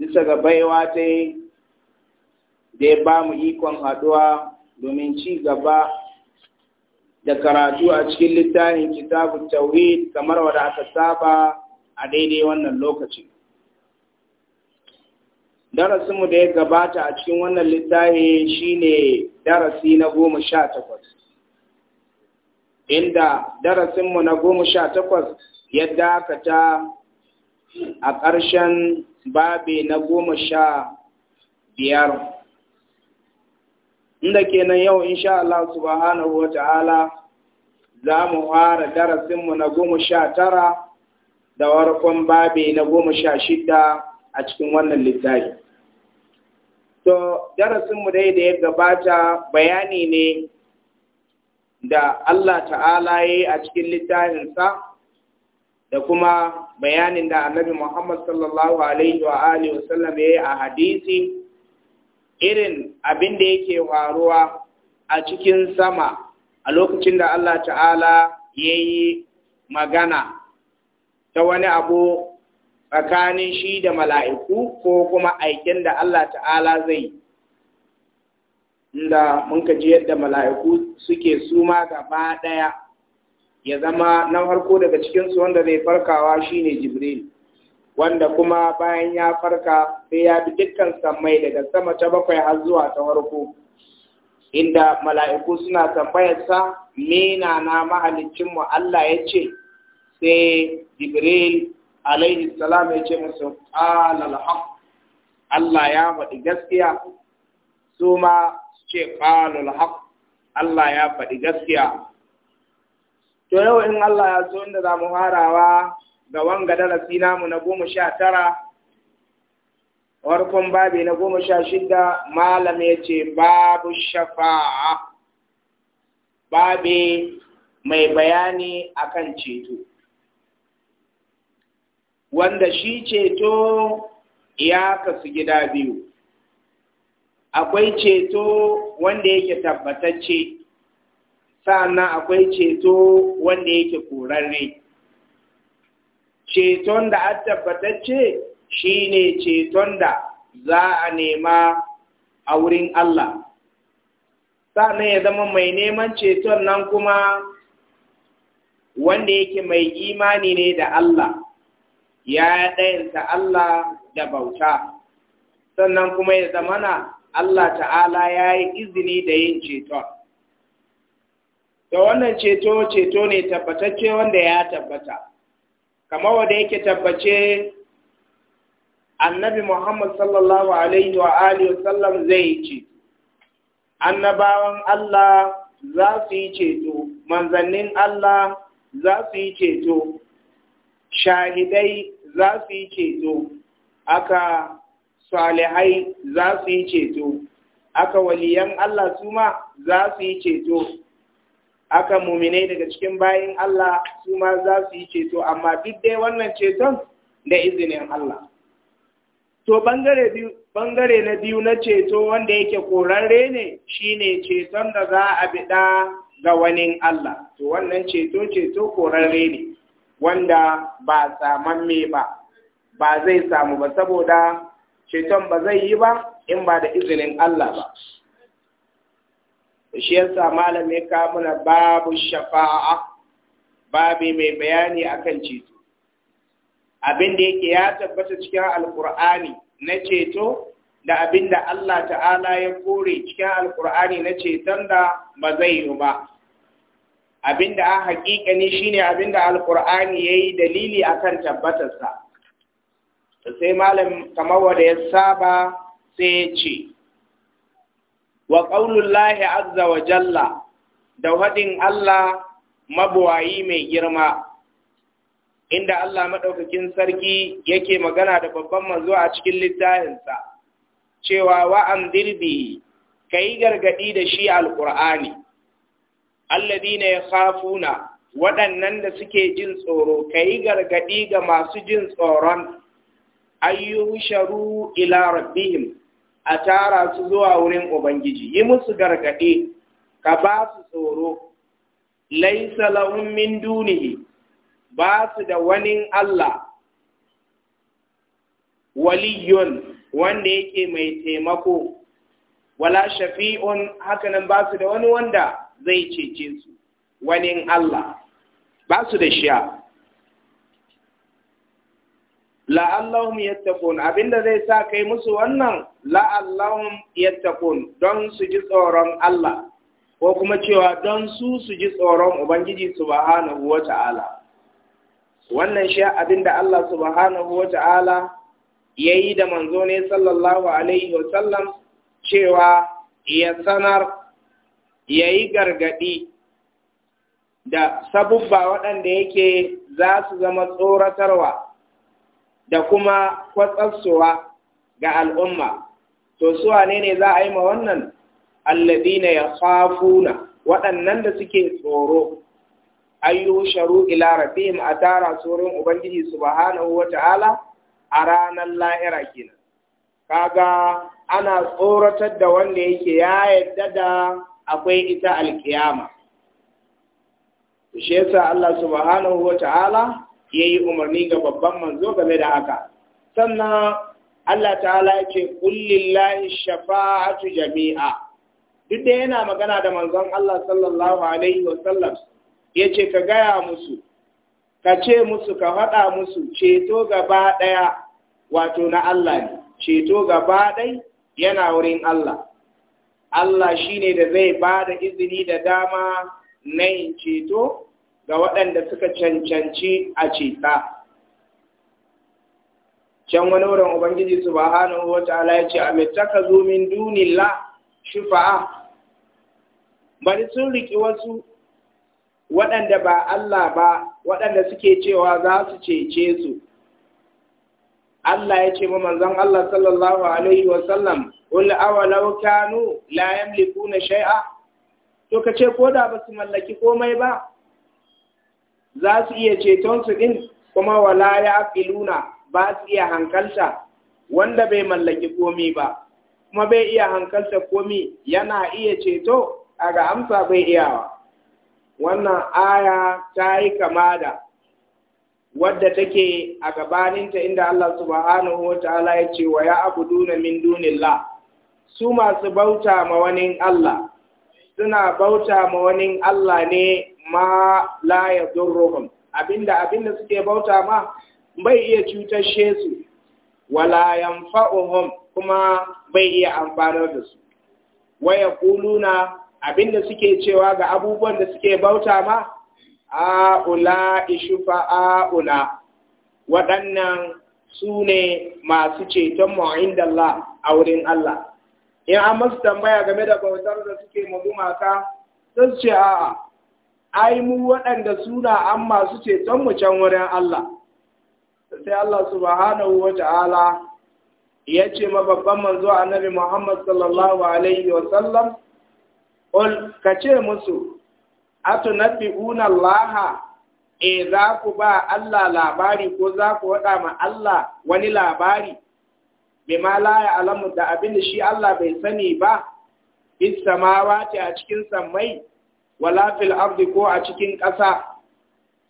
bisa ga baiwa ta yi da ya ba mu ikon haɗuwa domin ci gaba da karatu a cikin littafin kitabun tauhid kamar wadda aka saba a daidai wannan lokacin. Darasinmu da ya gabata a cikin wannan littafi shine darasi na goma sha takwas. Inda darasinmu na goma sha takwas ya dakata a ƙarshen babe na goma sha biyar inda kenan yau insha Allah subhanahu wa ta'ala za mu fara darasinmu na goma sha tara da warkon babe na goma sha shida a cikin wannan littafi. To, darasinmu dai da ya gabata bayani ne da Allah ta'ala ya yi a cikin littafinsa da kuma bayanin da annabi Muhammad sallallahu alaihi wa alihi wasallam ya yi a hadisi irin abin da yake faruwa a cikin sama a lokacin da Allah ta'ala ya yi magana ta wani abu tsakanin shi da mala'iku ko kuma aikin da Allah ta'ala zai inda mun kaji yadda mala'iku suke suma gaba ɗaya ya zama na farko daga cikinsu wanda zai farkawa shine jibril wanda kuma bayan ya farka sai ya bi dukkan samai daga sama ta bakwai har zuwa ta farko inda mala'iku suna tambayarsa mena na mahalicinmu Allah ya ce sai jibril alaihi salam ya ce masu alal Allah ya faɗi gaskiya su ma su ce qalul Allah ya faɗi gaskiya To yau in Allah ya so inda za mu harawa ga wanga darasi namu na goma sha tara, warkon babi na goma sha shida malam ya ce babu shafa'a, babi mai bayani akan ceto. Wanda shi ceto ya kasu gida biyu, akwai ceto wanda yake tabbatacce. sa'annan akwai ceto wanda yake korarre ceton da an tabbatacce shine ceton da za a nema a wurin Allah sa'annan ya zama mai neman ceton nan kuma wanda yake mai imani ne da Allah ya ɗayanta Allah da bauta sannan kuma ya zamana Allah ta'ala ya yi izini da yin ceton da wannan ceto ceto ne tabbatacce wanda ya tabbata kamar wanda yake tabbace annabi Muhammad sallallahu alaihi wa sallam zai ce annabawan Allah za su yi ceto manzannin Allah za su yi ceto shahidai za su yi ceto aka salihai za su yi ceto aka waliyan Allah su ma za su yi ceto aka muminai daga cikin bayin Allah su ma za su yi ceto amma duk dai wannan ceton da izinin Allah to bangare na biyu na ceto wanda yake korarre ne shi ne ceton da za a biɗa ga wani Allah to wannan ceto ceto korarre ne wanda ba samamme ba ba zai samu ba saboda ceton ba zai yi ba in ba da izinin Allah ba shi yasa malam ya kawo mana babu shafa'a babu mai bayani akan ceto abin da yake ya tabbata cikin alkur'ani na ceto da abin da Allah ta'ala ya kore cikin alkur'ani na ceton da ba zai yi ba abin da a hakikani shine abin da alkur'ani yayi dalili akan tabbatarsa sai malam kamar wanda ya saba sai ya ce wa qaulullahi azza wa jalla da waɗin Allah mabuwayi mai girma inda Allah madaukakin sarki yake magana da babban manzo a cikin littafinsa cewa wa ka kai gargadi da shi alqur'ani alladina yakhafuna waɗannan da suke jin tsoro kai gargadi ga masu jin tsoron ayyusharu ila rabbihim a tara su zuwa wurin Ubangiji, yi musu gargaɗe, ka ba su tsoro, laisa lahum min dunihi, ba su da wani Allah, waliyun wanda yake mai taimako, wala shafi'un hakanan ba su da wani wanda zai cece su, wani Allah, ba su da shi'a. la'allahum yattaqun abinda zai sa kai musu wannan la'allahum yattaqun don su ji tsoron Allah ko kuma cewa don su su ji tsoron ubangiji subhanahu wata'ala wannan shi abinda Allah subhanahu wata'ala yayi da manzo ne sallallahu alaihi wasallam cewa ya sanar yayi gargadi da sabubba waɗanda yake za su zama tsoratarwa da kuma kwatsafsuwa ga al'umma to su wane ne za a yi ma wannan na alladina fafuna waɗannan da suke tsoro ayyu sharu ila rabbihim atara surun ubangiji subhanahu wataala a ranar lahira kina. kaga ana tsoratar da wanda yake ya yadda da akwai ita alkiyama shi yasa Allah subhanahu ta’ala ya yi umarni ga babban manzo game da haka sannan Allah ta'ala ya ce kullillahi shafa'atu jami'a duk da yana magana da manzon Allah sallallahu alaihi wa sallam ya ce ka gaya musu ka ce musu ka faɗa musu ceto gaba ɗaya wato na Allah ne ceto gaba ɗai yana wurin Allah Allah shine da zai ba da izini da dama na yin ceto ga waɗanda suka cancanci a ceta. Can wani wurin Ubangiji subhanahu wa ta'ala ya ce, Amittaka zumin dunilla shufa'a, bari sun riƙi wasu waɗanda ba Allah ba waɗanda suke cewa za su cece su. Allah ya ce ma manzon Allah sallallahu Alaihi wasallam, Ul awalau kanu la na shai'a, to ka ce ko da ba su mallaki komai ba, za su iya ceton su din kuma wala ya aqiluna ba su iya hankalta wanda bai mallaki komi ba kuma bai iya hankalta komi yana iya ceto a ga amsa bai iyawa wannan aya ta yi kama da wadda take a gabaninta inda Allah subhanahu wa ta'ala ya ce wa ya na min dunillah su masu bauta ma wani Allah suna bauta ma wani Allah ne ma la yadurruhum abinda abinda suke bauta ma bai iya cutar shesu. wala yanfa'uhum kuma bai iya amfanar da su waya kuluna abinda suke cewa ga abubuwan da suke bauta ma a'ula ula waɗannan su ne masu ceton da Allah a wurin Allah in an masu tambaya game da bautar da suke mata sun ce a'a ai mu waɗanda suna an masu ceton mu can wurin Allah sai Allah subhanahu wa ta'ala ya ce babban manzo annabi Muhammad sallallahu alaihi wa sallam ul kace musu unan Allah e eh, za ku ba Allah labari ko za ku waɗa ma Allah wani labari ma la alamu da abin da shi Allah bai sani ba bis samawati a cikin sammai wala fil ardi ko a cikin ƙasa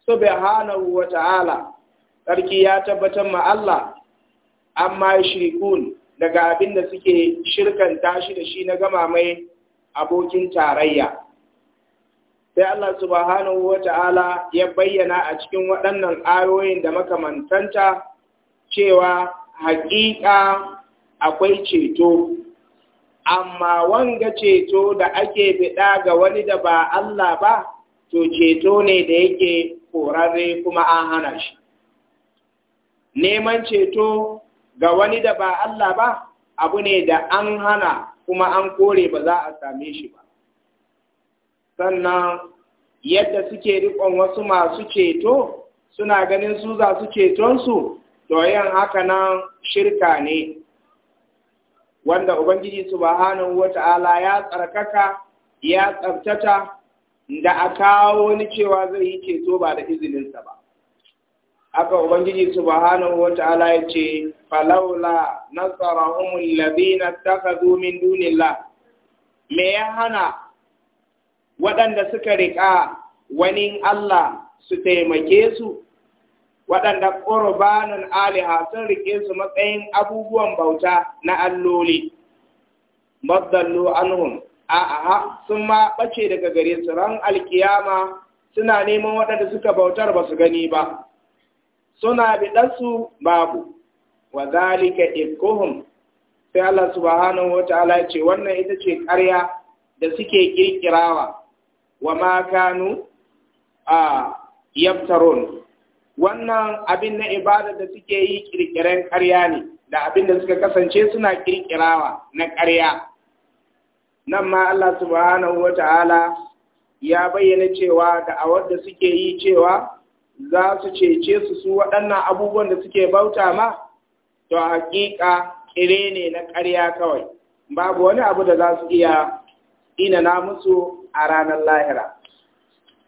subhanahu wa ta'ala sarki ya tabbatar ma Allah amma shirkun daga abin da suke shirkanta shi da shi na gama mai abokin tarayya sai Allah subhanahu wa ta'ala ya bayyana a cikin waɗannan ayoyin da makamantanta cewa haƙiƙa akwai ceto amma wanga ceto da ake biɗa ga wani da ba Allah ba to ceto ne da yake korare kuma an hana shi neman ceto ga wani da ba Allah ba abu ne da an hana kuma an kore ba za a same shi ba sannan yadda suke rikon wasu masu ceto suna ganin su za su cetonsu to yin haka nan shirka ne wanda ubangiji subhanahu wata'ala ya tsarkaka ya tsabtata da a kawo wani cewa zai yi ceto ba da izininsa ba aka ubangiji subhanahu ta'ala ya ce falaula nasarahum alladhina takhadhu min dunillah me ya hana waɗanda suka riƙa wani Allah su taimake su waɗanda ƙorbanun aliha sun rike su matsayin abubuwan bauta na alloli maddallu anhum a'a sun ma ɓace daga gare su ran alkiyama suna neman waɗanda suka bautar ba su gani ba suna biɗansu babu wa zalika ikuhum sai Allah subhanahu Wata ta'ala ce wannan ita ce karya da suke ƙirƙirawa wa ma kanu a yabtarun wannan abin na ibada da suke yi kirkiren ƙarya ne da abin da suka kasance suna kirkirawa na ƙarya nan ma Allah subhanahu wata'ala ya bayyana cewa da awar da suke yi cewa za su cece su su waɗannan abubuwan da suke bauta ma to hakika kire ne na ƙarya kawai babu wani abu da za su iya ina na musu a ranar lahira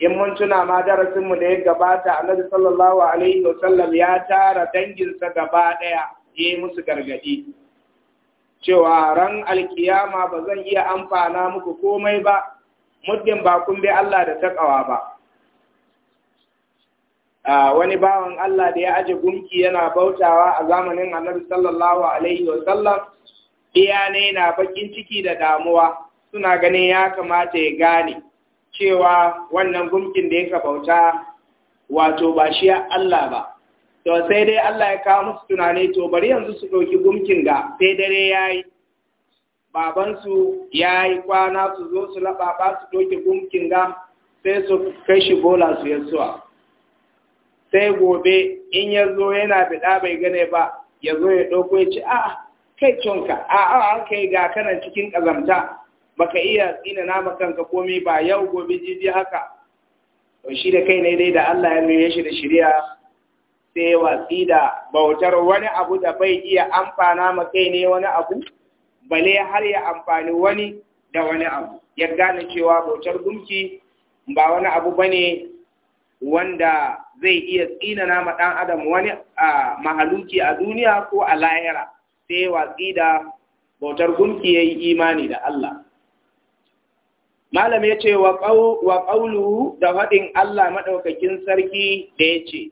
in mun tuna ma darasinmu da ya gabata annabi sallallahu alaihi wa sallam ya tara danginsa gaba ɗaya ya yi musu gargaɗi cewa ran alkiyama ba zan iya amfana muku komai ba muddin ba kun bi Allah da takawa ba wani bawan Allah da ya aje gunki yana bautawa a zamanin annabi sallallahu alaihi wa sallam, iyane na bakin ciki da damuwa suna ganin ya kamata ya gane cewa wannan gumkin da yake bauta wato ba shi Allah ba to sai dai Allah ya kawo musu tunani to bari yanzu su dauki gumkin ga sai dare yayi baban ya yi kwana su zo su ba su dauki gumkin ga sai su kai shi bola su yasuwa sai gobe in ya zo yana bida bai gane ba ya zo ya ɗauko ya ce a ah, kai cinka a kai ga kana cikin ƙazamta baka iya tsina nama kanka komai ba yau gobe jiji haka to shi da kai ne dai da Allah ya nuna shi da shari'a sai ya watsi da bautar wani abu da bai iya amfana ma kai ne wani abu bale har ya amfani wani da wani abu ya gane cewa bautar gumki ba wani abu bane wanda zai iya tsina nama dan adam wani a mahaluki a duniya ko a lahira sai ya watsi da bautar gumki yayi imani da Allah malam ya ce wa ƙaulu da haɗin Allah maɗaukakin sarki da ya ce,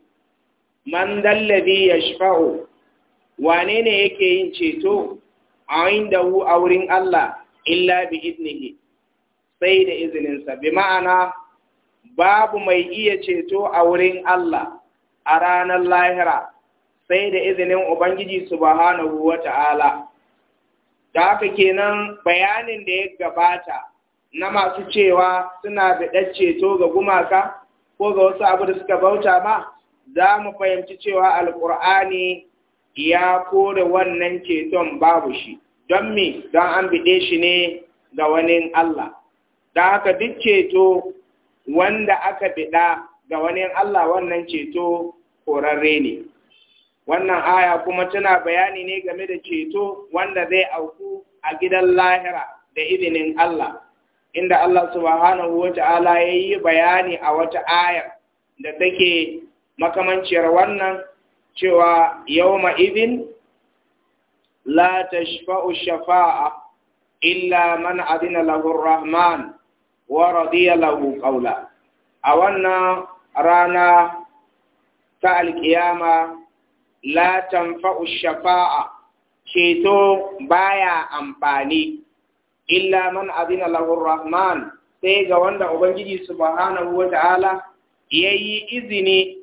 Man dallabi ya shafa'o, wane ne yake yin ceto a inda hu a wurin Allah, illa bi iznihi, sai da izininsa, bi ma'ana babu mai iya ceto a wurin Allah a ranar lahira, sai da izinin Ubangiji subhanahu wa ta'ala. Da haka kenan bayanin da ya gabata. na masu cewa suna biɗar ceto ga gumaka ko ga wasu abu da suka bauta ma za mu fahimci cewa alƙur'ani ya kore wannan ceton babu shi don me don an biɗe shi ne ga wani Allah da haka duk ceto wanda aka biɗa ga wani Allah wannan ceto korarre ne wannan aya kuma tana bayani ne game da ceto wanda zai auku a gidan lahira da izinin Allah inda Allah subhanahu wa ta'ala ya yi bayani a wata ayar da take makamanciyar wannan cewa yau izin?'. la shafa’u shafa'a illa man adina lagun rahman wa radiya lahu qawla a wannan rana ta alkiyama la ta shafa'a ceto baya amfani illa man azina lahu rahman sai ga wanda ubangiji subhanahu wata'ala yayi izini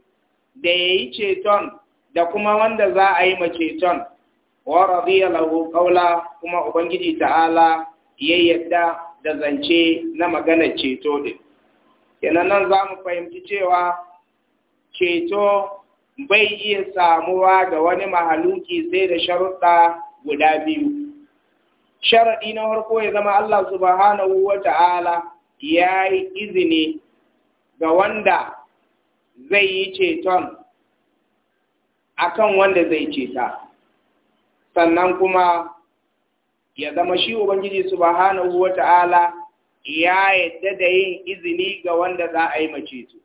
da yayi ceton da kuma wanda za a yi maceton ceton wa radiya lahu qawla kuma ubangiji ta'ala ya yadda da zance na maganar ceto din kenan nan za mu fahimci cewa ceto bai iya samuwa ga wani mahaluki sai da sharuɗa guda biyu sharaɗi na harko ya zama Allah subhanahu wa ta'ala ya yi izini ga wanda zai yi ceton a kan wanda zai ceta sannan kuma ya zama shi Ubangiji subhanahu wa ta'ala ya yadda da yin izini ga wanda za a yi macetu.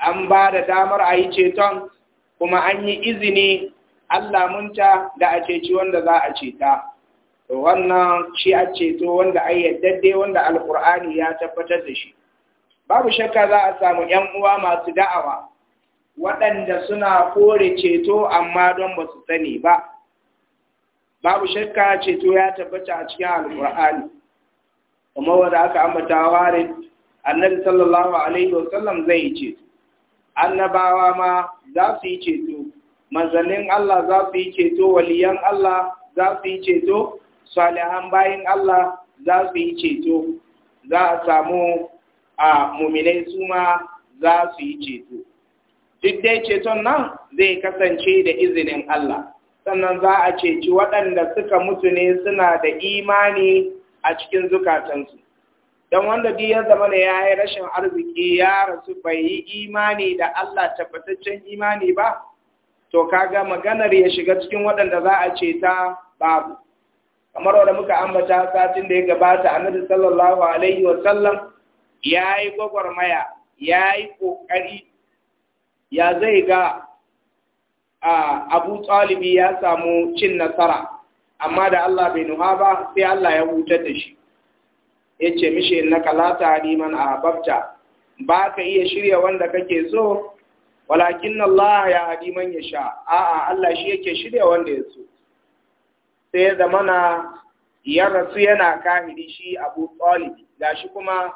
an ba da damar a yi ceton kuma an yi izini Allah munta da a ceci wanda za a ceta. wannan shi a ceto wanda ayyaddadde wanda alkur'ani ya tabbatar da shi babu shakka za a samu ‘yan uwa masu da'awa waɗanda suna kore ceto amma don ba su sani ba babu shakka ceto ya tabbata a cikin alkur'ani kuma wanda aka ambata ware annabi sallallahu alaihi wasallam zai yi ceto annabawa ma za su yi ceto manzannin Allah za su yi ceto waliyan Allah za su yi ceto salihan bayan Allah za su yi ceto za a samu a muminai su ma za su yi ceto duk dai ceton nan zai kasance da izinin Allah sannan za a ceci waɗanda suka mutu ne suna da imani a cikin zukatansu don wanda duk ya zama da ya yi rashin arziki ya rasu bai yi imani da Allah tabbataccen imani ba to kaga maganar ya shiga cikin waɗanda za a ce ta babu kamar wanda muka ambata satin da ya gabata annabi sallallahu alaihi wa sallam ya yi gwagwarmaya yayi yi ya zai ga abu Talib ya samu cin nasara amma da Allah bai nuha ba sai Allah ya hutar da shi yace ce mishi na kalata liman a ba ka iya shirya wanda kake so walakin Allah ya hadi man ya sha a'a Allah shi yake shirya wanda ya so sai ya zamana ya rasu yana kahiri shi abu tsali ga shi kuma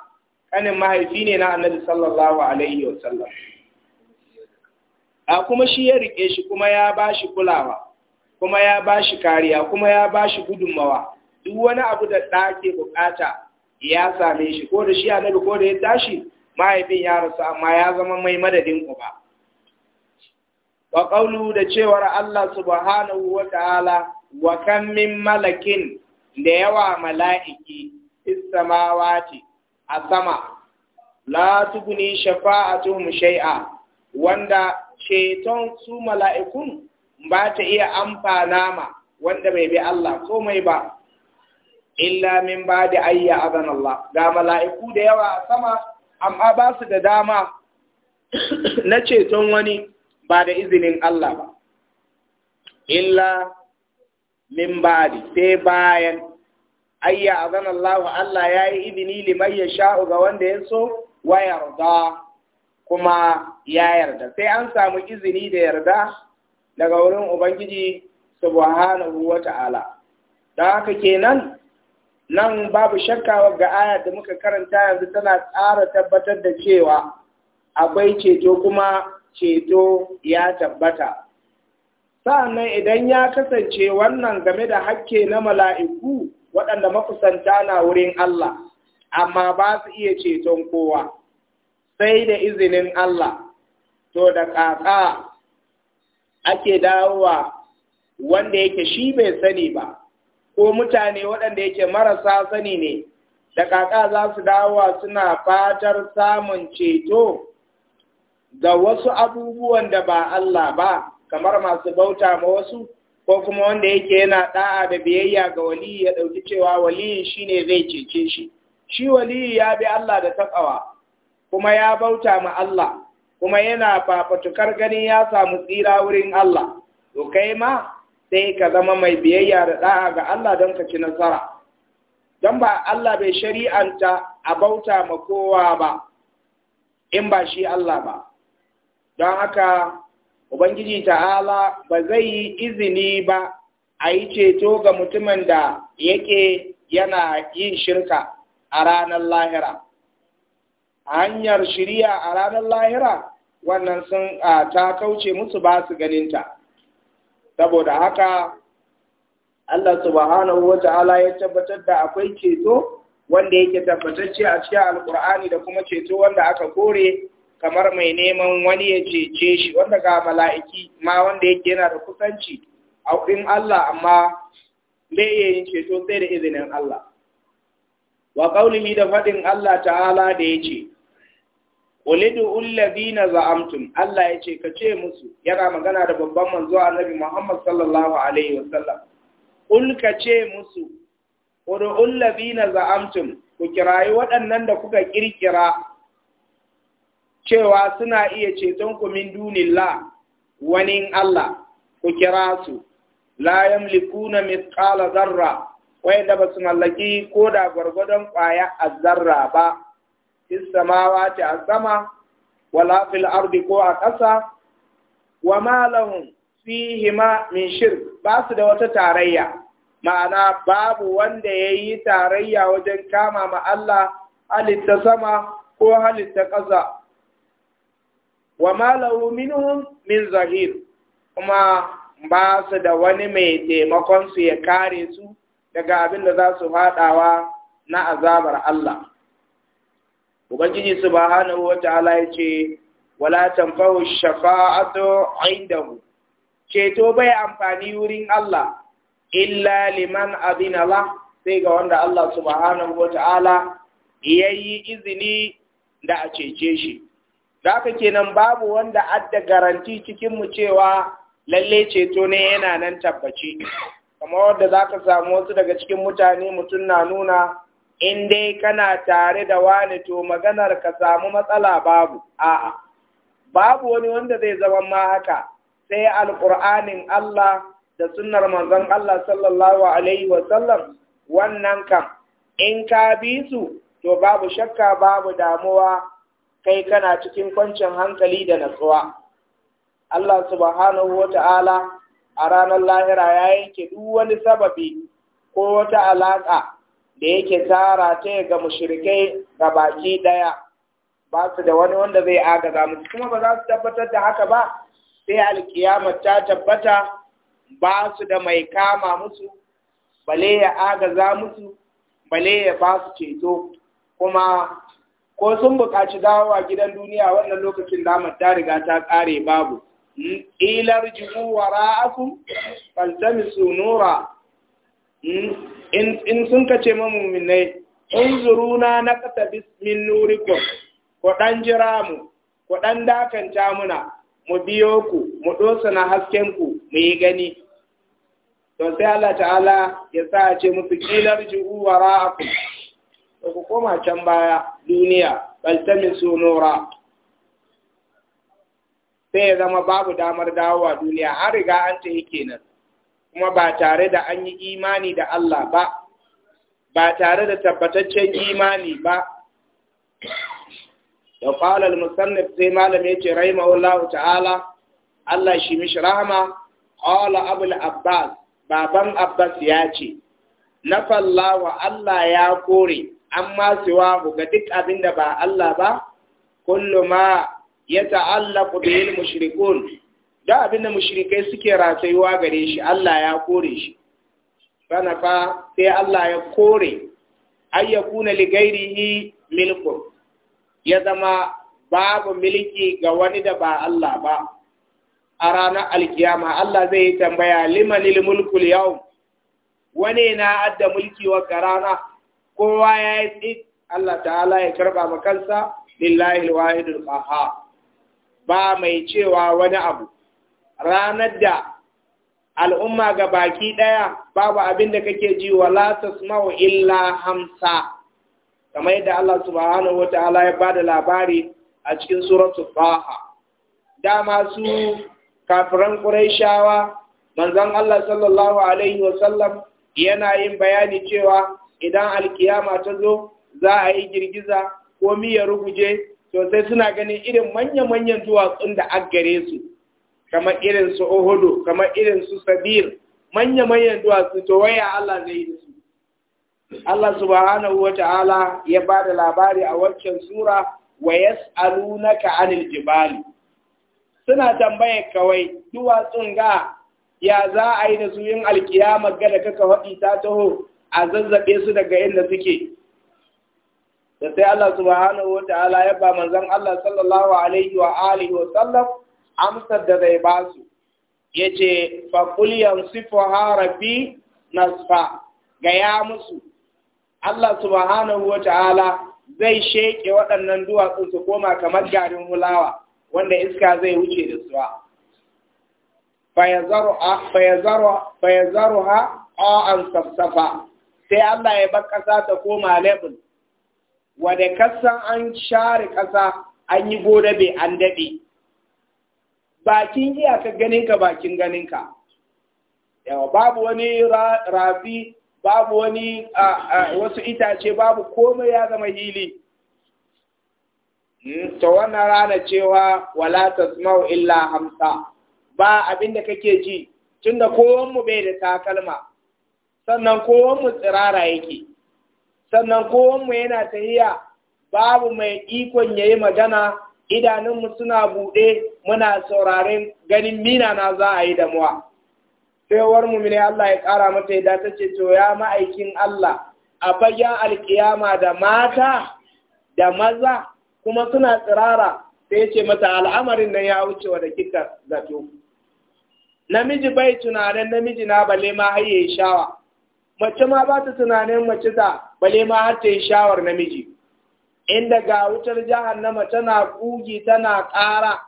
kanin mahaifi ne na annabi sallallahu alaihi wasallam a kuma shi ya rike shi kuma ya ba shi kulawa kuma ya ba shi kariya kuma ya ba shi gudunmawa duk wani abu da ɗake bukata ya same shi ko da shi annabi ko da ya tashi mahaifin ya rasu amma ya zama mai madadin uba wa qawlu da cewar Allah subhanahu wa ta'ala wa kan min malakin da yawa mala'iki ce a sama la tuguni shafa'atuhum shai'a wanda ceton su mala'ikun ba ta iya amfana ma wanda bai bi Allah komai ba illa min ba da ayya azan Allah ga mala'iku da yawa a sama amma ba su da dama na ceton wani ba da izinin Allah ba illa min baadi sai bayan ayya azan Allah Allah yayi idini liman yasha'u ga wanda ya so wa yarda kuma ya yarda sai an samu izini da yarda daga wurin ubangiji subhanahu wata'ala Da haka kenan nan babu shakka ga aya da muka karanta yanzu tana tsara tabbatar da cewa akwai ceto kuma ceto ya tabbata sa'annan idan ya kasance wannan game da hakke na mala'iku waɗanda makusanta na wurin Allah amma ba su iya ceton kowa sai da izinin Allah to da ƙaƙa ake dawowa wanda yake shi bai sani ba ko mutane waɗanda yake marasa sani ne da ƙaƙa za su dawowa suna fatar samun ceto ga wasu abubuwan da ba Allah ba kamar masu bauta ma wasu ko kuma wanda yake yana da'a da biyayya ga Waliyu ya dauki cewa waliyi shine zai cece shi shi Waliyu ya bi Allah da takawa kuma ya bauta ma Allah kuma yana fafatukar gani ya samu tsira wurin Allah to kai ma sai ka zama mai biyayya da da'a ga Allah don ka ci nasara don ba Allah bai shari'anta a bauta ma kowa ba in ba shi Allah ba don haka Ubangiji ta'ala ba zai yi izini ba a yi ceto ga mutumin da yake yana yin shirka a ranar lahira. Hanyar shirya a ranar lahira wannan sun ta kauce musu ba su ganinta. Saboda haka Allah subhanahu wa ta'ala ya tabbatar da akwai ceto wanda yake tabbatacce a cikin Alƙur'ani da kuma ceto wanda aka kore kamar mai neman wani ya cece shi wanda ga mala'iki ma wanda yake yana da kusanci a wurin Allah amma bai iya yin ceto sai da izinin Allah wa ƙaunimi da faɗin Allah ta'ala da ya yace ulidu na za'amtun, Allah ce, ka ce musu yana magana da babban manzo Annabi Muhammad sallallahu alaihi wasallam ul ka ce musu ulidu na za'amtun, ku kirayi waɗannan da kuka ƙirƙira. cewa suna iya ceton ku min la, wani Allah ku kira su la yamlikuna mithqala zarra da ba su mallaki ko da gwargwadon ƙwaya a zarra ba fis samawati a sama wala fil ardi ko a ƙasa wa ma lahum fihima min shirk ba su da wata tarayya ma'ana babu wanda ya yi tarayya wajen kama ma Allah halitta sama ko halitta ƙasa wa malahu minhum min zahir kuma ba su da wani mai taimakon su ya kare su daga abin da za su faɗawa na azabar Allah ubangiji subhanahu wataala yace wala tanfa'u shafa'atu 'indahu ceto bai amfani wurin Allah illa liman adina la sai ga wanda Allah subhanahu ta'ala yayi izini da a cece shi da aka kenan babu wanda adda garanti cikin mu cewa lalle ceto ne yana nan tabbaci kamar wanda zaka samu wasu daga cikin mutane mutum na nuna in dai kana tare da wani to maganar ka samu matsala babu a'a babu wani wanda zai zama ma haka sai alqur'anin Allah da sunnar manzon Allah sallallahu alaihi wa sallam wannan kan in ka bi su to babu shakka babu damuwa kai kana cikin kwancin hankali da natsuwa Allah subhanahu wa ta'ala a ranar lahira ya yanke duk wani sababi ko wata alaƙa da yake tara ta ga mushrikai ga baki ɗaya ba su da wani wanda zai agaza musu kuma ba za su tabbatar da haka ba sai alkiyama ta tabbata ba su da mai kama musu bale ya agaza musu bale ya ba su ceto kuma ko sun buƙaci dawowa gidan duniya wannan lokacin damar ta riga ta ƙare babu mm, ilar jiku wa ra'akum su nura mm, in sun kace mamuminai zuru na ƙasa bismin Nurikon. ku ɗan jira mu ku ɗan dakanta muna mu biyo ku mu ɗosa na hasken ku mu yi gani to sai Allah ta'ala ya sa ce musu ilar jiku wa ra'akum da ku koma can baya duniya baltamin su sai ya zama babu damar dawowa duniya an riga an ta yake nan, kuma ba tare da an yi imani da Allah ba ba tare da tabbataccen imani ba da kwalar musannif sai malam ya ce rahimahullahu ta'ala Allah shi mishi rahama abu abul abbas baban abbas ya ce na fallawa Allah ya kore amma siwahu ga duk abin da ba Allah ba kullu ma ya ta'alla bil mushrikun da abin da mushrikai suke ratayuwa gare shi Allah ya kore shi bana fa sai Allah ya kore ayyakuna li ghairihi milkun ya zama babu milki ga wani da ba Allah ba a ranar alkiyama Allah zai yi tambaya limanil mulkul yau wane na adda mulki wa rana kowa ya yi tsit Allah ta'ala ya karba makansa lillahi wahidul qahhar ba mai cewa wani abu ranar da al'umma ga baki ɗaya babu abin da kake ji wa la tasma'u illa hamsa kamar yadda Allah subhanahu wa ta'ala ya bada labari a cikin suratul Taha dama su kafiran quraishawa manzon Allah sallallahu alaihi wa sallam yana yin bayani cewa idan alkiyama ta zo za a yi girgiza ko miyar ruguje to sai suna ganin irin manya-manyan duwatsun da aka gare su kamar irin su ohudu kamar irin su sabir manya-manyan duwatsu to waya Allah zai yi su Allah subhanahu wa ta'ala ya ba da labari a waccan sura wa yas'alunaka anil jibali suna tambaye kawai duwatsun ga ya za a yi da su yin alkiyama ga kaka faɗi ta taho a zazzabe su daga inda suke da sai Allah subhanahu wata'ala ya ba manzon Allah sallallahu alaihi wa alihi wa sallam amsar da zai ba su yace fa qul yansifuha rabbi nasfa gaya musu Allah subhanahu wata'ala zai sheke waɗannan duwatsun su koma kamar garin hulawa wanda iska zai wuce da suwa fa yazaru fa yazaru fa an safsafa sai Allah ya bar ƙasa ta koma level wadda kasan an share ƙasa an yi godabe an daɗe bakin iyaka ganinka bakin ganinka yawa babu wani rafi babu wani wasu itace babu komai ya zama hili hmm, ta wannan rana cewa wala tasma'u illa hamsa ba abinda kake ji tunda kowanmu bai da takalma sannan kowanmu tsirara yake sannan kowanmu yana tahiya babu mai ikon ya yi magana idanunmu suna buɗe muna sauraren ganin mina na za a yi damuwa saiwar mu ne Allah ya ƙara mata yadda ta ce to ya ma'aikin Allah a fagen alkiyama da mata da maza kuma suna tsirara sai yace mata al'amarin nan ya wuce wa da kika zato namiji bai tunanin namiji na balle ma har yayi shawa mace ma ba ta tunanin mace ta bale ma har ta yi shawar namiji inda ga wutar mace na kugi tana ƙara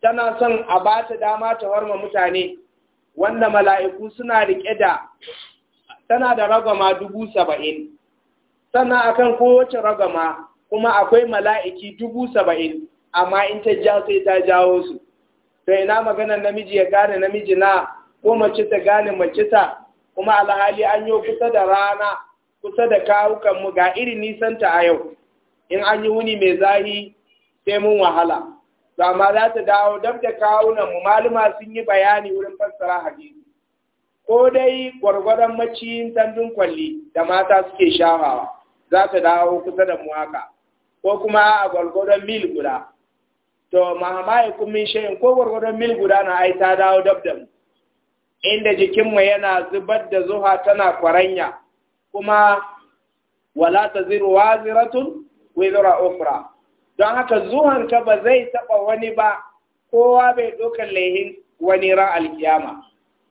tana son a ba ta dama ta warma mutane wanda mala'iku suna riƙe da tana da ragama dubu saba'in sannan akan kowace ragama kuma akwai mala'iki dubu saba'in amma in ta ja sai ta jawo su to ina maganar namiji ya gane namiji na ko mace ta gane mace ta kuma alhali an yi kusa da rana kusa da kawukanmu ga irin nisanta a yau in an yi wuni mai zahi sai mun wahala to amma za ta dawo dab da kawunanmu maluma sun yi bayani wurin fassara hadisi ko dai gwargwadon maciyin tandun kwalli da mata suke shafawa za ta dawo kusa da mu haka ko kuma a gwargwadon mil guda to mahama ya shayin ko gwargwadon mil guda na ai ta dawo dab inda jikinmu yana zubar da zuha tana kwaranya kuma wala ta ziru waziratun wizra ukra don haka zuhanka ba zai taba wani ba kowa bai ɗaukar laihin wani ra alkiyama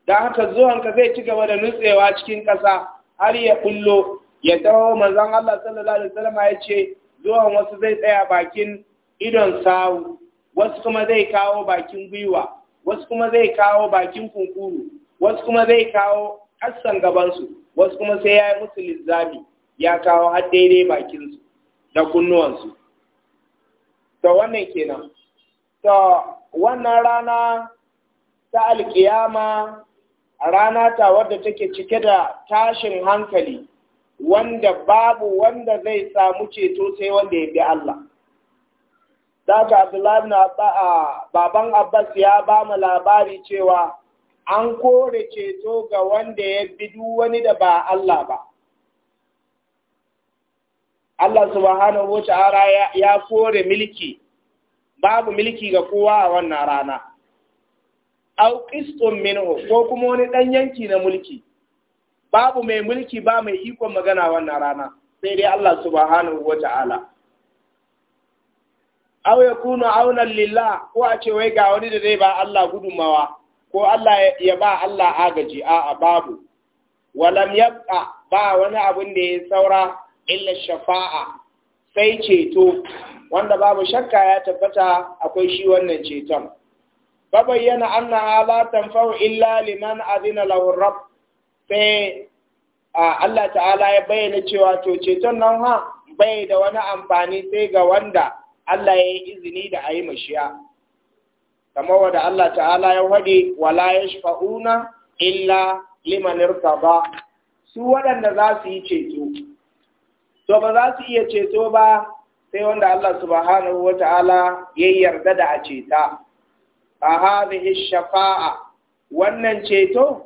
don haka zuwanka zai ci gaba da nutsewa cikin ƙasa har ya kullo ya taho manzon Allah sallallahu alaihi wasallam ya ce zuwan wasu zai tsaya bakin idon sawu wasu kuma zai kawo bakin gwiwa wasu kuma zai kawo bakin kunkuru wasu kuma zai kawo hassan gabansu wasu kuma sai ya yi musu lizzami ya kawo har daidai bakinsu da kunnuwansu ta wannan kenan ta wannan rana ta alkiyama rana ta wadda take cike da tashin hankali wanda babu wanda zai samu ceto sai wanda ya bi Allah Daka Abdullahi na baban Abbas ya ba mu labari cewa an kore ceto ga wanda ya bi duk wani da ba Allah ba Allah subhanahu wa ta'ala ya kore milki babu milki ga kowa a wannan rana au qistun minhu ko kuma wani ɗan yanki na mulki babu mai mulki ba mai ikon magana wannan rana sai dai Allah subhanahu wa ta'ala au yakunu aunan lillah ko a ce wai ga wani da zai ba Allah gudunmawa. ko Allah ya ba Allah agaji a babu walam yabqa ba wani abin da ya saura illa shafa'a sai ceto wanda babu shakka ya tabbata akwai shi wannan ceton ba bayyana annaha la tanfa'u illa liman adina lahu rabb sai Allah ta'ala ya bayyana cewa to ceton nan ha bai da wani amfani sai ga wanda Allah ya yi izini da a yi mashiya kamar wada Allah ta'ala ya wade wala yashfa'una illa liman ba. su waɗanda za su yi ceto to ba za su iya ceto ba sai wanda Allah subhanahu wa ta'ala ya yarda da a ceta a hadhihi shafa'a wannan ceto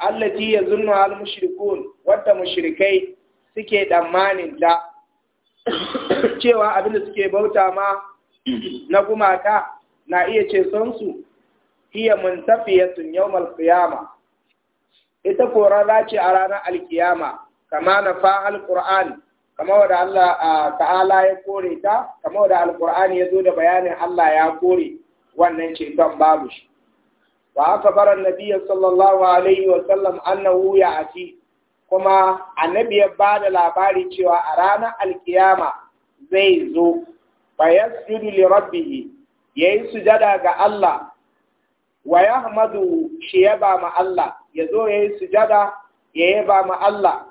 Allah ya yazunnu al mushrikun wadda mushrikai suke tsammanin ta cewa abinda suke bauta ma na gumaka na iya ce son su hiya muntafiyatun yawmal qiyama ita ko rana ce a ranar alkiyama kama na fa alquran kama wada Allah ta'ala ya kore ta kama wada alqur'ani ya zo da bayanin Allah ya kore wannan ce don babu shi wa aka bar annabi sallallahu alaihi wa sallam annahu ati kuma annabi ya ba da labari cewa a ranar alkiyama zai zo fa yasjudu li rabbihi ya yi sujada ga Allah wa hamadu shi ba ma Allah ya zo ya yi sujada ya ba ma Allah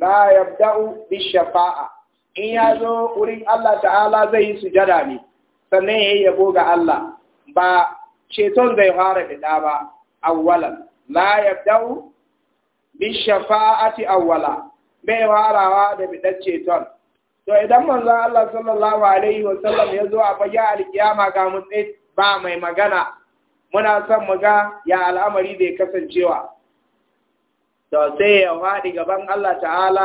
la yabda'u bi shafa'a in ya zo wurin Allah ta'ala zai yi sujada ne sannan ya yi yabo ga Allah ba ceton zai fara fita ba awwalan la yabda'u bi shafa'ati awwala bai farawa da bidar ceton to idan manzon Allah sallallahu alaihi wa sallam ya zo a fage alkiyama ga mutsai ba mai magana muna son mu ga ya al'amari bai kasancewa to sai ya faɗi gaban Allah ta'ala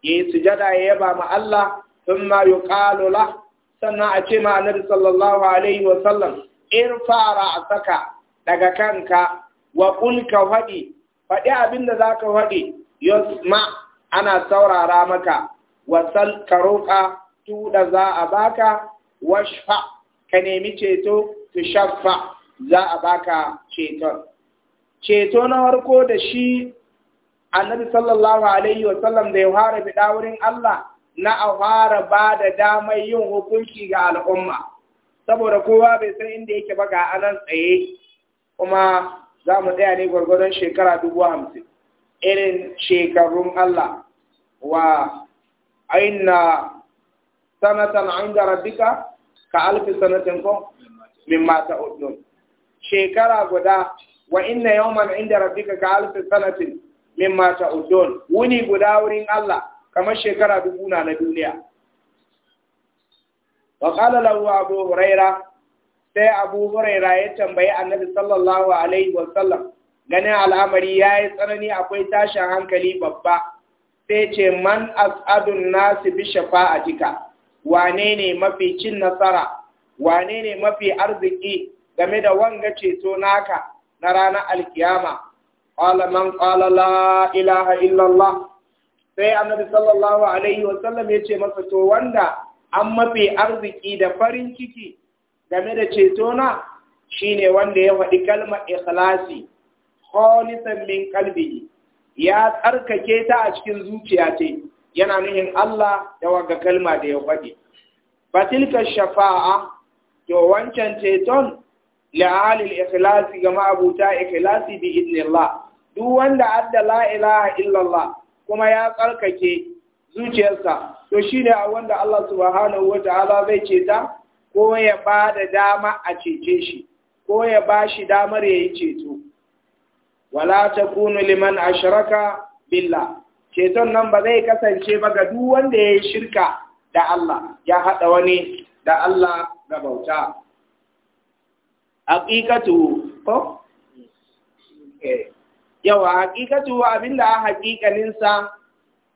ya yi sujada ya yaba ma Allah sun ma yi ƙalola sannan a ce ma annabi sallallahu alaihi wa sallam in fara a saka daga kanka wa ka faɗi faɗi abinda da za ka faɗi ana saurara maka wasal ka roƙa tuɗa za a baka washfa ka nemi ceto tu shaffa za a baka ceton ceto na harko da shi annabi sallallahu alaihi wasallam da ya fara fiɗa wurin Allah na a fara ba da damar yin hukunci ga al'umma saboda kowa bai san inda yake ba ga anan tsaye kuma za mu tsaya ne gwargwadon shekara dubu hamsin irin shekarun Allah wa aina sanatan inda rabbika ka alfi sanatin ko mata ta'udun shekara guda wa inna yawman inda rabbika ka alfi sanatin mata ta'udun wuni guda wurin Allah kamar shekara dubu na na duniya wa qala lahu abu huraira sai abu huraira ya tambayi annabi sallallahu alaihi wa sallam ganin al'amari yayi tsanani akwai tashin hankali babba sai ce man as'adun nasi bi shafa'atika wane ne mafi cin nasara wane ne mafi arziki game da wanga ceto naka na ranar alkiyama qala man qala la ilaha illallah sai annabi sallallahu alaihi wa sallam yace masa to wanda an mafi arziki da farin ciki game da ceto na shine wanda ya faɗi kalmar ikhlasi khalisan min qalbihi ya tsarkake ta a cikin zuciya ce yana nuhin Allah da waga kalma da ya faɗi batilka shafa'a to wancan ceton la'alil ikhlasi ga ma'abuta ikhlasi bi idnillah duk wanda adda la ilaha illallah kuma ya tsarkake zuciyarsa to shi ne a wanda Allah subhanahu wata'ala zai ceta ko ya ba da dama a cece shi ko ya ba shi damar ya yi ceto wala ta kunu liman ashraka billah ceton nan ba zai kasance ba ga duk wanda ya shirka da Allah ya haɗa wani da Allah ga bauta haqiqatu ko eh yawa haqiqatu abinda haqiqanin sa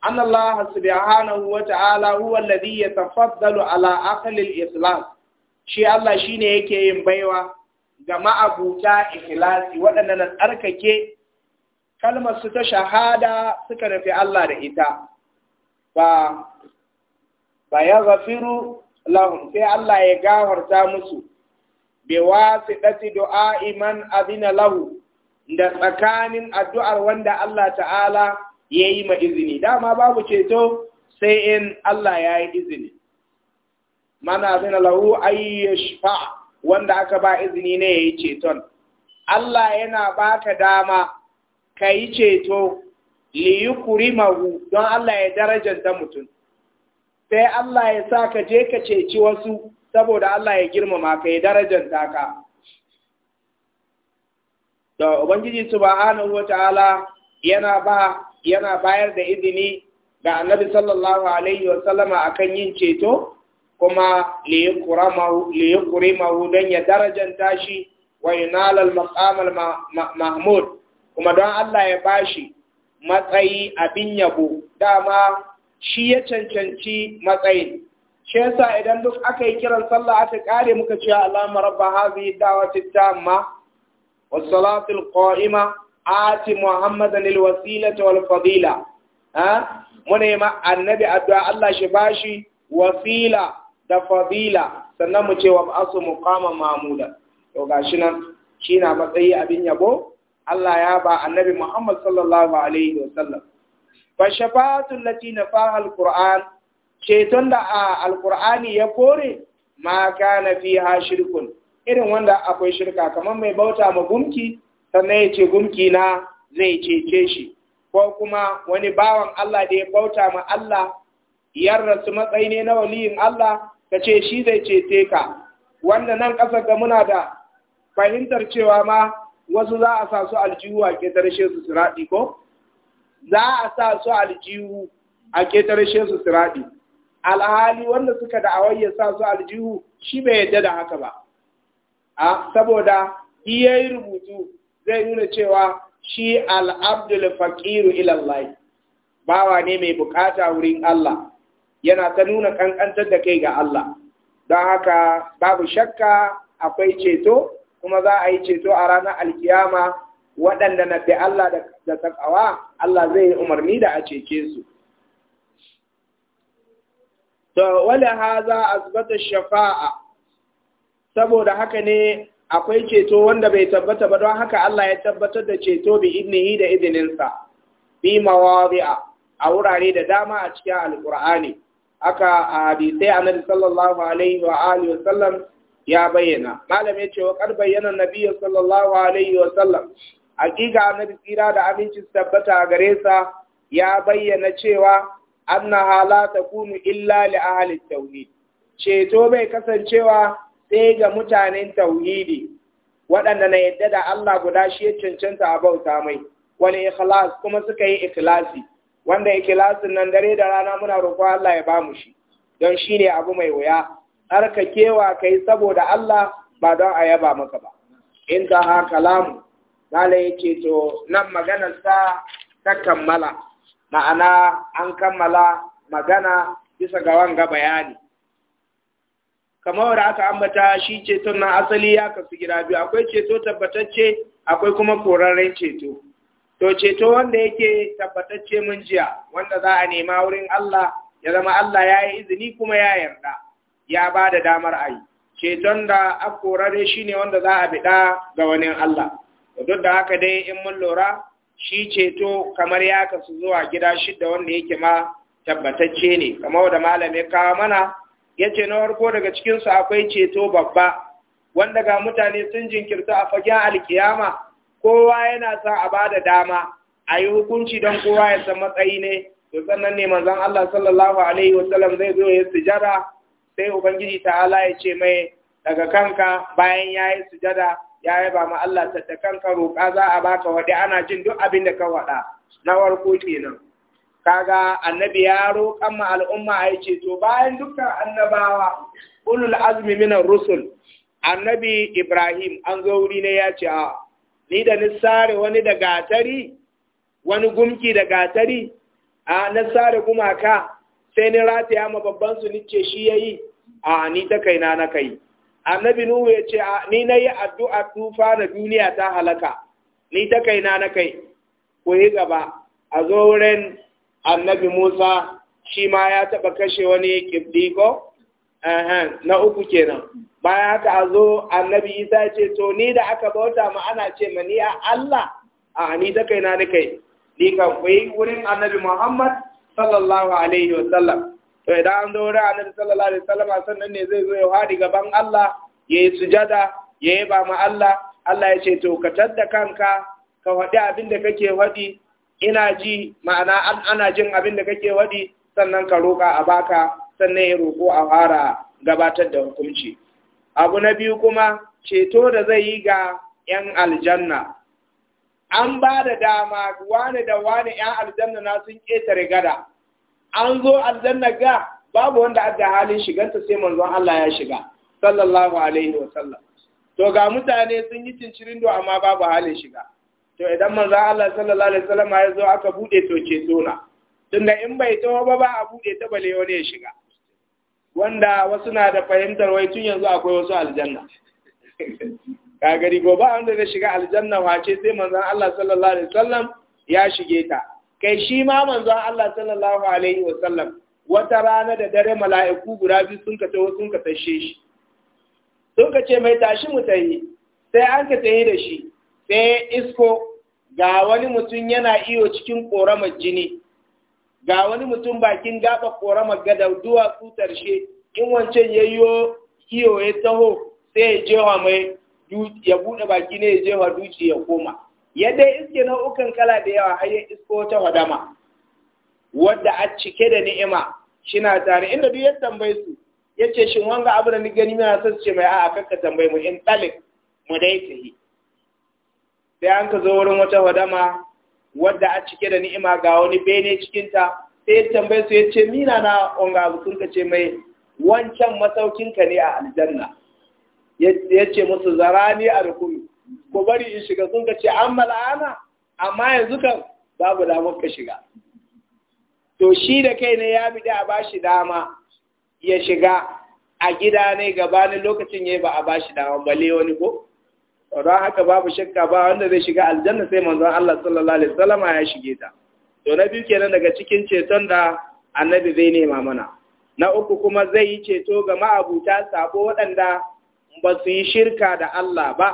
أن الله wata'ala huwa alladhi yatafaddalu ala على Shi shi shi shine yake yin baiwa? ga ma'abuta ikhlasi waɗanda na tsarkake kalmar su ta shahada suka nufi Allah da ita ba ba ya zafiru, lahun sai Allah ya gawarta musu wasu ɗasi du'a iman abina lahu da tsakanin addu'ar wanda Allah ta'ala ya yi ma izini dama babu ceto sai in Allah ya yi izini mana adina lahu ayyashfa wanda aka ba izini ne ya yi ceton Allah yana baka dama ka yi ceto mahu don Allah ya darajanta mutum sai Allah ya sa ka je ka ceci wasu saboda Allah ya girmama ka ya darajanta ka Da ubangiji subhanahu ta'ala yana ba yana bayar da izini ga annabi sallallahu alaihi wa sallama akan yin ceto kuma liyukurimahu don ya darajanta shi wa yunalal maqamal mahmud kuma don Allah ya bashi matsayi abin yabo dama shi ya cancanci matsayin shi yasa idan duk aka yi kiran sallah aka kare muka ce Allahumma rabba hadhihi da'wati tamma was salatil qa'ima ati muhammadan lil wasilati wal fadila ha ma annabi addu'a Allah shi bashi wasila Da fadila sannan mu ce wa ba'asu muqama mamuda to gashi nan shi na matsayi abin yabo Allah ya ba annabi Muhammad sallallahu alaihi wa sallam fa shafa'atu allati nafaha alquran ceton da alqur'ani ya kore ma kana fiha shirkun irin wanda akwai shirka kamar mai bauta ma gumki sannan ya ce gumki na zai cece shi ko kuma wani bawan Allah da ya bauta ma Allah yar rasu matsayi ne na waliyin Allah ka ce shi zai cece ka wanda nan ƙasar ga muna da fahimtar cewa ma wasu za a sa su aljihu a ƙetarshe su siraɗi ko za a sa su aljihu a ƙetarshe su siraɗi alhali wanda suka da ya sa su aljihu shi bai yadda da haka ba a saboda shi yi rubutu zai nuna cewa shi al'abdul faƙiru ilallahi bawa ne mai bukata wurin Allah yana ta nuna kankantar da kai ga Allah don haka babu shakka akwai ceto kuma za a yi ceto a ranar alkiyama waɗanda na fi Allah da takawa Allah zai yi umarni da a cece su to za a zubata shafa'a saboda haka ne akwai ceto wanda bai tabbata ba don haka Allah ya tabbatar da ceto bi idnihi da izininsa bi a wurare da dama a cikin alqur'ani aka a hadisai annabi sallallahu alaihi wa alihi wa sallam ya bayyana malam ya ce wa kar bayyana nabi sallallahu alaihi wa sallam hakika annabi tsira da aminci tabbata a gare sa ya bayyana cewa annaha la takunu illa li ahli tauhid ceto bai kasancewa sai ga mutanen tauhidi waɗanda na yadda da Allah guda shi ya cancanta a bauta mai wani ikhlas kuma suka yi ikhlasi wanda lasin nan dare da rana muna roƙo Allah ya bamu shi don shi ne abu mai wuya har ka kewa saboda Allah ba don a yaba maka ba in ta ha kalamu mala ce to nan maganar ta kammala ma'ana an kammala magana bisa ga wanga bayani kamar da aka ambata shi ceton na asali ya kasu gida biyu akwai ceto tabbatacce akwai kuma korarren ceto to ceto wanda yake tabbatacce mun jiya wanda za a nema wurin Allah ya zama Allah ya yi izini kuma ya yarda ya ba da damar ayi, ceton da akorare korare shi ne wanda za a biɗa ga wani Allah duk da haka dai in mun lura shi ceto kamar ya kasu zuwa gida shidda wanda yake ma tabbatacce ne kamar da malami ya kawo mana ya ce na warko daga cikinsu akwai ceto babba wanda ga mutane sun jinkirta a fagen alkiyama kowa yana son a bada dama a yi hukunci don kowa ya san matsayi ne to sannan ne manzon Allah sallallahu alaihi wasallam zai zo ya sujada sai ubangiji ta'ala ya ce mai daga kanka bayan ya yi sujada ya yaba ma Allah tatta kanka roƙa za a baka wadi ana jin duk abin da ka waɗa. na warko kenan kaga annabi ya roƙan ma al'umma ya ce to bayan dukkan annabawa ulul azmi minar rusul annabi Ibrahim an zo wuri ne ya ce a ni da ni sare wani da gatari wani gumki da gatari a na sare gumaka sai ni rataya ma babban su nice shi yayi a ni ta kaina na kai annabi nuhu ya ce a ni nayi addu'a tufa na duniya ta halaka ni ta kaina na kai ko yi gaba a zo wurin annabi Musa shi ma ya taɓa kashe wani kibdiko na uku kenan bayan haka a zo annabi isa ce to ni da aka bauta ma ana ce ma ni a Allah a ni da kaina ni kai ni kan kuyi wurin annabi Muhammad sallallahu alaihi wa sallam to idan an zo wurin annabi sallallahu alaihi wa sallam sannan ne zai zo ya hadi gaban Allah ya yi sujada yi ba ma Allah Allah ya ce to ka tadda kanka ka faɗi abin da kake faɗi ina ji ma'ana ana jin abin da kake faɗi sannan ka roƙa a baka sannan ya roƙo a fara gabatar da hukunci abu na biyu kuma ceto da zai yi ga 'yan aljanna an ba da dama wani da wani 'yan aljanna na sun ƙetare gada an zo aljanna ga babu wanda adda halin shiganta sai manzon Allah ya shiga sallallahu alaihi wa to ga mutane sun yi cincirin do amma babu halin shiga to idan manzon Allah sallallahu alaihi wasallam ya zo aka buɗe to ce na. tunda in bai taho ba ba a bude ta bale wani ya shiga wanda wasu na da fahimtar wai tun yanzu akwai wasu aljanna ka gobe wanda zai shiga aljanna wace sai manzon Allah sallallahu alaihi wasallam ya shige ta kai shi ma manzon Allah sallallahu alaihi wasallam wata rana da dare mala'iku guda biyu sun ka tawo sun ka tashe shi sun ka ce mai tashi mu tayi sai an ka tayi da shi sai isko ga wani mutum yana iyo cikin ƙoramar jini ga wani mutum bakin gaba magada gada duwatsu tarshe in wancan ya yiwo iyo ya taho sai ya wa mai ya buɗe baki ne ya je wa duci ya koma yadda iske nau'ukan kala da yawa har ya isko wata hadama wadda a cike da ni'ima shina tare inda duk ya tambaye su ya ce shin wanga abu da ni gani mana sai ce mai a'a kakka tambaye mu in talik mu dai yi. sai an ka zo wurin wata hadama wadda a cike da ni'ima ga wani bene cikinta sai ya tambaye su ya ce mina na onga abu sun kace mai wancan masaukinka ne a aljanna ya ce musu zara a rukuni ko bari in shiga sun kace an mala'ana amma yanzu kan babu damar ka shiga to shi da kai ne ya bida a bashi dama ya shiga a gida ne gabanin lokacin ya ba a bashi dama balle wani ko don haka babu shakka ba wanda zai shiga aljanna sai manzon Allah sallallahu alaihi wasallama ya shige ta to na biyu kenan daga cikin ceton da annabi zai nema mana na uku kuma zai yi ceto ga ma'abuta sabo waɗanda ba su yi shirka da Allah ba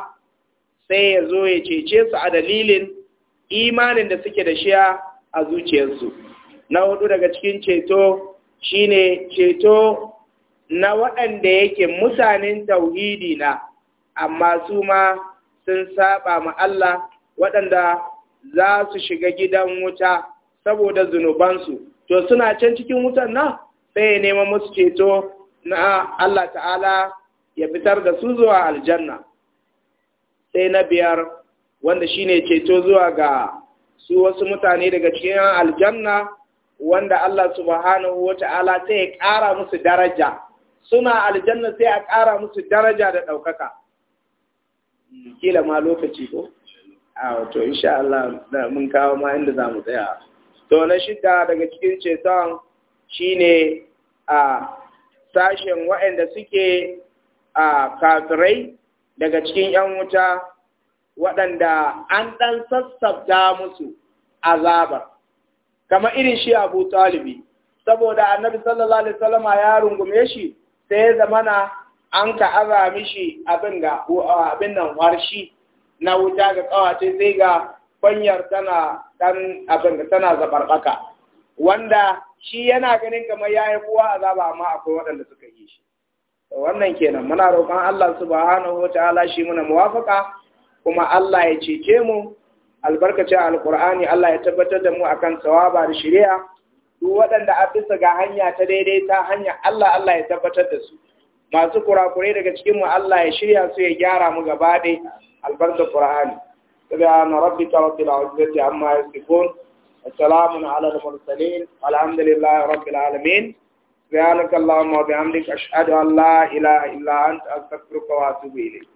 sai ya zo ya cece su a dalilin imanin da suke da shiya a zuciyarsu na hudu daga cikin ceto shine ceto na waɗanda yake mutanen tauhidi na amma su ma sun saba ma Allah waɗanda za su shiga gidan wuta saboda zunubansu to suna can cikin wutan nan sai neman musu ceto na Allah ta'ala ya fitar da su zuwa aljanna sai na biyar wanda shi ne ceto zuwa ga su wasu mutane daga cikin aljanna wanda Allah subhanahu wa ta'ala sai ya ƙara musu daraja suna aljanna sai a ƙara musu daraja da ɗaukaka kila ma lokaci ko a to insha Allah mun kawo ma inda za mu tsaya to na shida daga cikin ceton shine a sashen wa'anda suke a kafirai daga cikin ‘yan wuta waɗanda an ɗan sassabta musu azabar Kama irin shi abu talibi saboda annabi sallallahu alaihi wasallam ya rungume shi sai ya zamana an ka aza mishi abin ga abin nan warshi na wuta ga kawace sai ga fanyar tana dan abin da tana zabarbaka wanda shi yana ganin kamar yayi kowa azaba amma akwai waɗanda suka yi shi wannan kenan muna roƙon Allah subhanahu wataala shi muna muwafaka kuma Allah ya cece mu albarkacin alqur'ani Allah ya tabbatar da mu akan sawaba da shari'a duk waɗanda a bisa ga hanya ta daidai ta hanya Allah Allah ya tabbatar da su masu kurakurai daga cikin mu Allah ya shirya su ya gyara mu gaba dai albarka Qur'ani subhana rabbika rabbil izzati amma yasifun assalamu ala al mursalin alhamdulillahi rabbil alamin subhanakallahumma wa bihamdika ashhadu an la ilaha illa anta astaghfiruka wa atubu ilayk